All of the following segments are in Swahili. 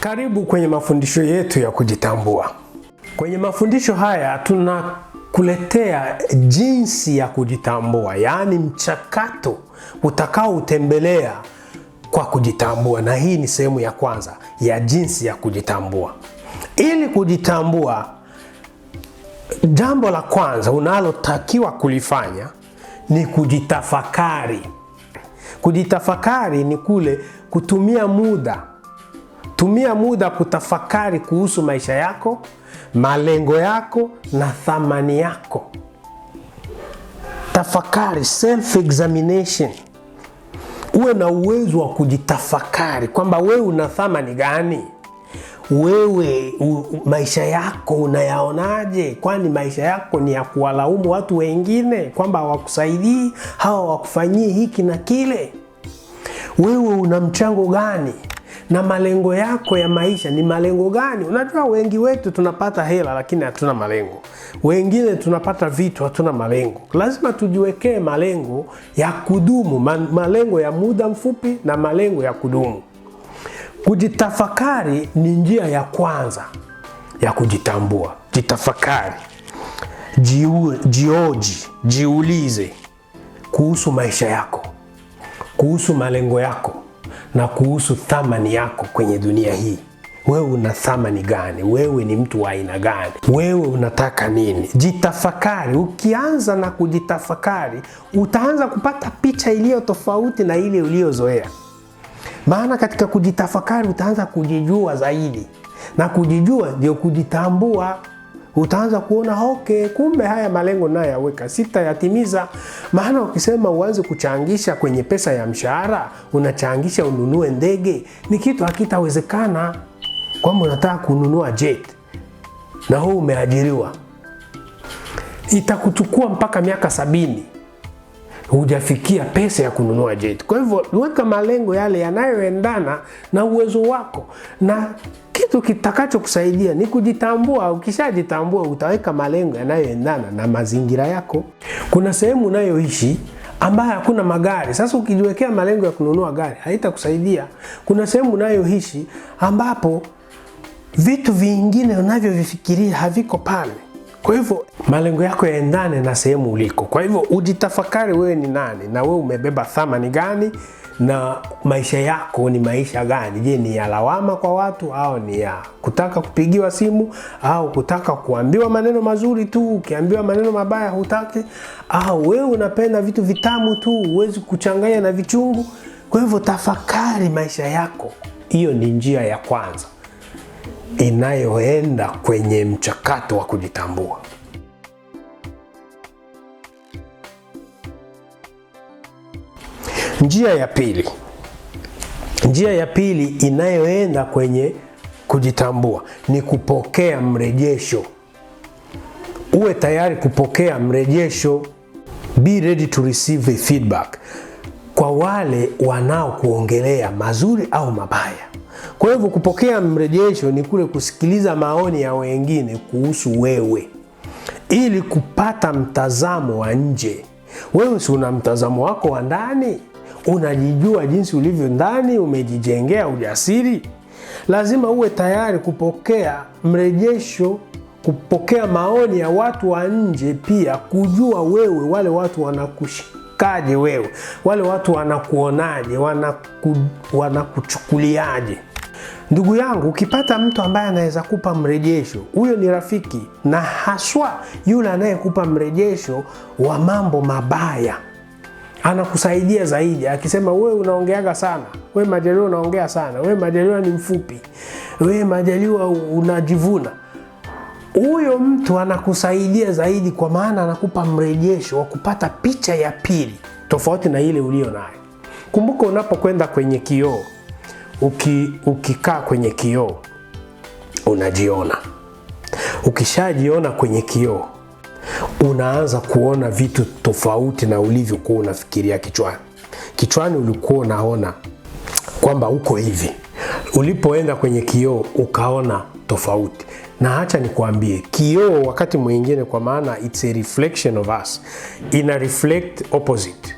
Karibu kwenye mafundisho yetu ya kujitambua. Kwenye mafundisho haya tunakuletea jinsi ya kujitambua, yaani mchakato utakaoutembelea kwa kujitambua, na hii ni sehemu ya kwanza ya jinsi ya kujitambua. Ili kujitambua, jambo la kwanza unalotakiwa kulifanya ni kujitafakari. Kujitafakari ni kule kutumia muda Tumia muda kutafakari kuhusu maisha yako, malengo yako na thamani yako. Tafakari, self examination. Uwe na uwezo wa kujitafakari kwamba wewe una thamani gani? Wewe u, maisha yako unayaonaje? Kwani maisha yako ni ya kuwalaumu watu wengine kwamba hawakusaidii, hawa wakufanyie hiki na kile? Wewe una mchango gani? na malengo yako ya maisha ni malengo gani? Unajua, wengi wetu tunapata hela lakini hatuna malengo, wengine tunapata vitu hatuna malengo. Lazima tujiwekee malengo ya kudumu, malengo ya muda mfupi na malengo ya kudumu. Kujitafakari ni njia ya kwanza ya kujitambua. Jitafakari, jioji, jiulize kuhusu maisha yako, kuhusu malengo yako na kuhusu thamani yako kwenye dunia hii. Wewe una thamani gani? Wewe ni mtu wa aina gani? Wewe unataka nini? Jitafakari. Ukianza na kujitafakari, utaanza kupata picha iliyo tofauti na ile uliyozoea, maana katika kujitafakari utaanza kujijua zaidi, na kujijua ndio kujitambua utaanza kuona okay, kumbe haya malengo nayoyaweka sitayatimiza. Maana ukisema uanze kuchangisha kwenye pesa ya mshahara, unachangisha ununue ndege, ni kitu hakitawezekana. Kwamba unataka kununua jet na huu umeajiriwa, itakuchukua mpaka miaka sabini hujafikia pesa ya kununua jet. Kwa hivyo weka malengo yale yanayoendana na uwezo wako na kitu kitakachokusaidia ni kujitambua. Ukishajitambua utaweka malengo yanayoendana na mazingira yako. Kuna sehemu unayoishi ambayo hakuna magari. Sasa ukijiwekea malengo ya kununua gari haitakusaidia. Kuna sehemu unayoishi ambapo vitu vingine unavyovifikiria haviko pale. Kwa hivyo malengo yako yaendane na sehemu uliko. Kwa hivyo ujitafakari, wewe ni nani na wewe umebeba thamani gani? na maisha yako ni maisha gani? Je, ni ya lawama kwa watu au ni ya kutaka kupigiwa simu au kutaka kuambiwa maneno mazuri tu? Ukiambiwa maneno mabaya hutaki, au wewe unapenda vitu vitamu tu, huwezi kuchanganya na vichungu? Kwa hivyo tafakari maisha yako. Hiyo ni njia ya kwanza inayoenda kwenye mchakato wa kujitambua. Njia ya pili, njia ya pili inayoenda kwenye kujitambua ni kupokea mrejesho. Uwe tayari kupokea mrejesho, be ready to receive a feedback kwa wale wanaokuongelea mazuri au mabaya. Kwa hivyo kupokea mrejesho ni kule kusikiliza maoni ya wengine kuhusu wewe ili kupata mtazamo wa nje. Wewe si una mtazamo wako wa ndani? Unajijua jinsi ulivyo ndani, umejijengea ujasiri. Lazima uwe tayari kupokea mrejesho, kupokea maoni ya watu wa nje, pia kujua wewe, wale watu wanakushikaje wewe, wale watu wanakuonaje, wanaku, wanakuchukuliaje. Ndugu yangu, ukipata mtu ambaye anaweza kupa mrejesho, huyo ni rafiki, na haswa yule anayekupa mrejesho wa mambo mabaya anakusaidia zaidi, akisema we unaongeaga sana, we Majaliwa unaongea sana, we Majaliwa ni mfupi, we Majaliwa unajivuna. Huyo mtu anakusaidia zaidi, kwa maana anakupa mrejesho wa kupata picha ya pili tofauti na ile ulio nayo. Kumbuka unapokwenda kwenye kioo, uki, ukikaa kwenye kioo unajiona. Ukishajiona kwenye kioo unaanza kuona vitu tofauti na ulivyokuwa unafikiria kichwani. Kichwani ulikuwa unaona kwamba uko hivi, ulipoenda kwenye kioo ukaona tofauti. Na hacha nikuambie, kioo wakati mwingine, kwa maana it's a reflection of us, ina reflect opposite.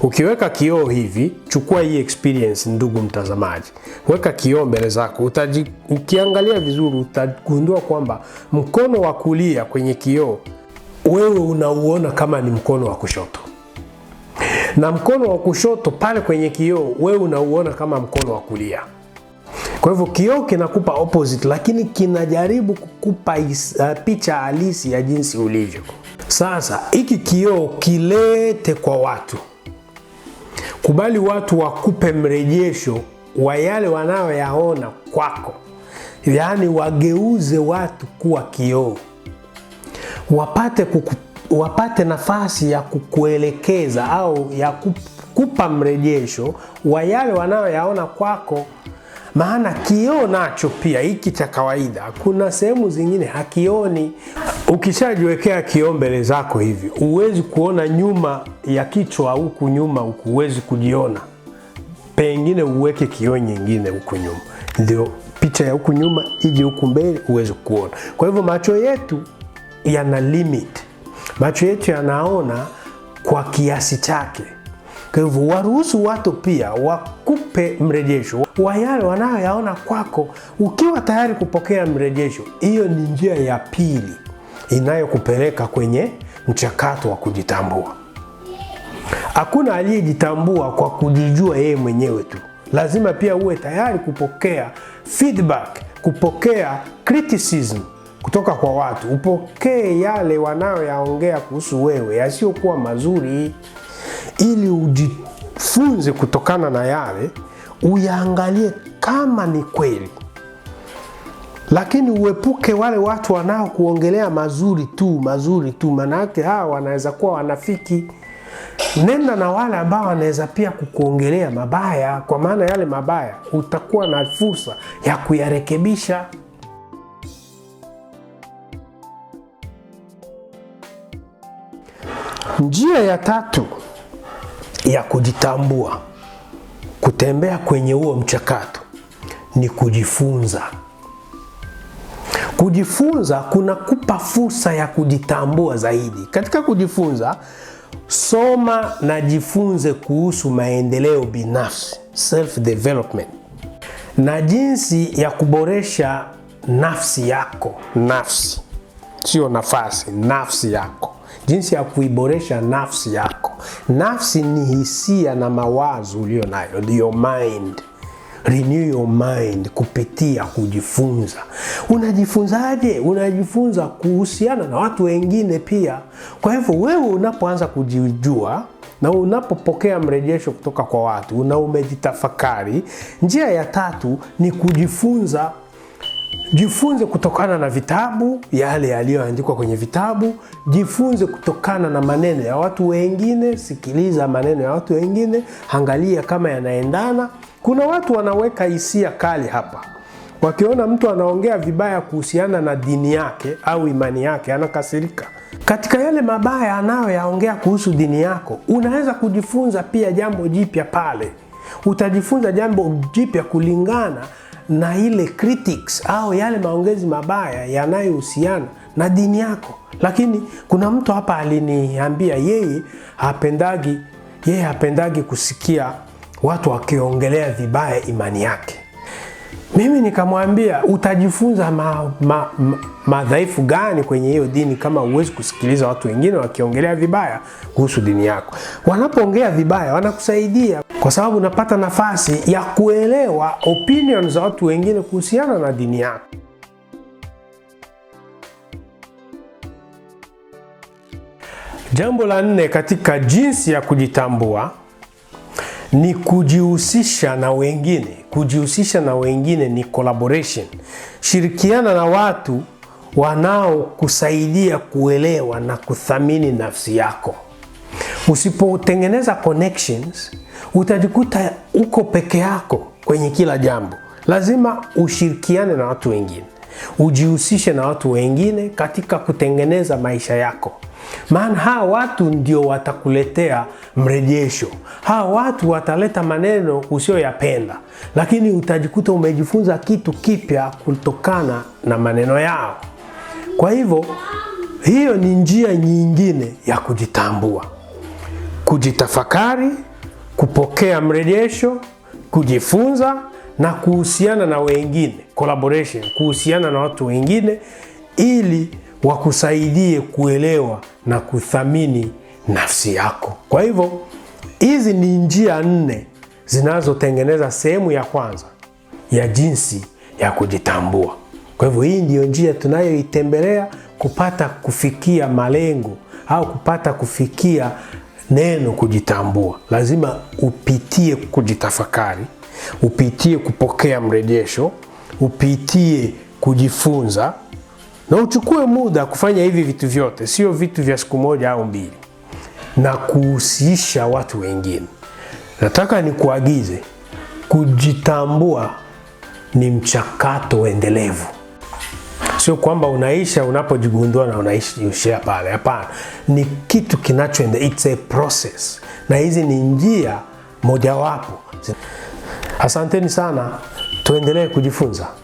Ukiweka kioo hivi, chukua hii experience, ndugu mtazamaji, weka kioo mbele zako utaji, ukiangalia vizuri utagundua kwamba mkono wa kulia kwenye kioo wewe unauona kama ni mkono wa kushoto, na mkono wa kushoto pale kwenye kioo wewe unauona kama mkono wa kulia. Kwa hivyo kioo kinakupa opposite, lakini kinajaribu kukupa uh, picha halisi ya jinsi ulivyo. Sasa hiki kioo kilete kwa watu, kubali watu wakupe mrejesho wa yale wanayoyaona kwako, yaani wageuze watu kuwa kioo wapate, kuku, wapate nafasi ya kukuelekeza au ya kupa mrejesho wa yale wanayoyaona kwako, maana kioo nacho pia hiki cha kawaida, kuna sehemu zingine hakioni. Ukishajiwekea kioo mbele zako hivi, huwezi kuona nyuma ya kichwa huku nyuma, huku huwezi kujiona. Pengine uweke kioo nyingine huku nyuma, ndio picha ya huku nyuma ije huku mbele, huwezi kuona. Kwa hivyo macho yetu yana limit, macho yetu yanaona kwa kiasi chake. Kwa hivyo waruhusu watu pia wakupe mrejesho wa yale wanayoyaona kwako, ukiwa tayari kupokea mrejesho. Hiyo ni njia ya pili inayokupeleka kwenye mchakato wa kujitambua. Hakuna aliyejitambua kwa kujijua yeye mwenyewe tu, lazima pia uwe tayari kupokea feedback, kupokea criticism kutoka kwa watu, upokee yale wanayoyaongea kuhusu wewe yasiyokuwa mazuri, ili ujifunze kutokana na yale, uyaangalie kama ni kweli, lakini uepuke wale watu wanaokuongelea mazuri tu mazuri tu, maanake hawa wanaweza kuwa wanafiki. Nenda na wale ambao wanaweza pia kukuongelea mabaya, kwa maana yale mabaya utakuwa na fursa ya kuyarekebisha. Njia ya tatu ya kujitambua, kutembea kwenye huo mchakato ni kujifunza. Kujifunza kunakupa fursa ya kujitambua zaidi. Katika kujifunza, soma na jifunze kuhusu maendeleo binafsi, self development, na jinsi ya kuboresha nafsi yako. Nafsi sio nafasi, nafsi yako jinsi ya kuiboresha nafsi yako. Nafsi ni hisia na mawazo ulio nayo, your mind. Renew your mind kupitia kujifunza. Unajifunzaje? Unajifunza kuhusiana na watu wengine pia. Kwa hivyo wewe unapoanza kujijua na unapopokea mrejesho kutoka kwa watu na umejitafakari, njia ya tatu ni kujifunza Jifunze kutokana na vitabu, yale yaliyoandikwa kwenye vitabu. Jifunze kutokana na maneno ya watu wengine, sikiliza maneno ya watu wengine, angalia kama yanaendana. Kuna watu wanaweka hisia kali hapa, wakiona mtu anaongea vibaya kuhusiana na dini yake au imani yake, anakasirika. Katika yale mabaya anayoyaongea kuhusu dini yako, unaweza kujifunza pia jambo jipya pale. Utajifunza jambo jipya kulingana na ile critics au yale maongezi mabaya yanayohusiana na dini yako. Lakini kuna mtu hapa aliniambia yeye hapendagi, yeye hapendagi kusikia watu wakiongelea vibaya imani yake. Mimi nikamwambia utajifunza madhaifu ma, ma, ma gani kwenye hiyo dini kama huwezi kusikiliza watu wengine wakiongelea vibaya kuhusu dini yako? Wanapoongea vibaya wanakusaidia kwa sababu unapata nafasi ya kuelewa opinion za watu wengine kuhusiana na dini yako. Jambo la nne katika jinsi ya kujitambua ni kujihusisha na wengine. Kujihusisha na wengine ni collaboration. Shirikiana na watu wanaokusaidia kuelewa na kuthamini nafsi yako. Usipotengeneza connections utajikuta uko peke yako kwenye kila jambo. Lazima ushirikiane na watu wengine, ujihusishe na watu wengine katika kutengeneza maisha yako, maana hawa watu ndio watakuletea mrejesho. Hawa watu wataleta maneno usiyoyapenda, lakini utajikuta umejifunza kitu kipya kutokana na maneno yao. Kwa hivyo, hiyo ni njia nyingine ya kujitambua, kujitafakari kupokea mrejesho, kujifunza na kuhusiana na wengine, collaboration, kuhusiana na watu wengine ili wakusaidie kuelewa na kuthamini nafsi yako. Kwa hivyo hizi ni njia nne zinazotengeneza sehemu ya kwanza ya jinsi ya kujitambua. Kwa hivyo hii ndiyo njia tunayoitembelea kupata kufikia malengo au kupata kufikia neno kujitambua, lazima upitie kujitafakari, upitie kupokea mrejesho, upitie kujifunza na uchukue muda kufanya hivi vitu vyote, sio vitu vya siku moja au mbili, na kuhusisha watu wengine. Nataka nikuagize, kujitambua ni mchakato endelevu sio kwamba unaisha unapojigundua na unaishia pale, hapana. Ni kitu kinachoenda, it's a process, na hizi ni njia mojawapo. Asanteni sana, tuendelee kujifunza.